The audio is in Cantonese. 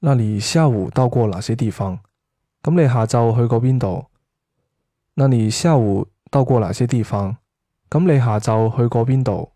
那你下午到過哪些地方？咁你下晝去過邊度？那你下午到過哪些地方？咁你下晝去過邊度？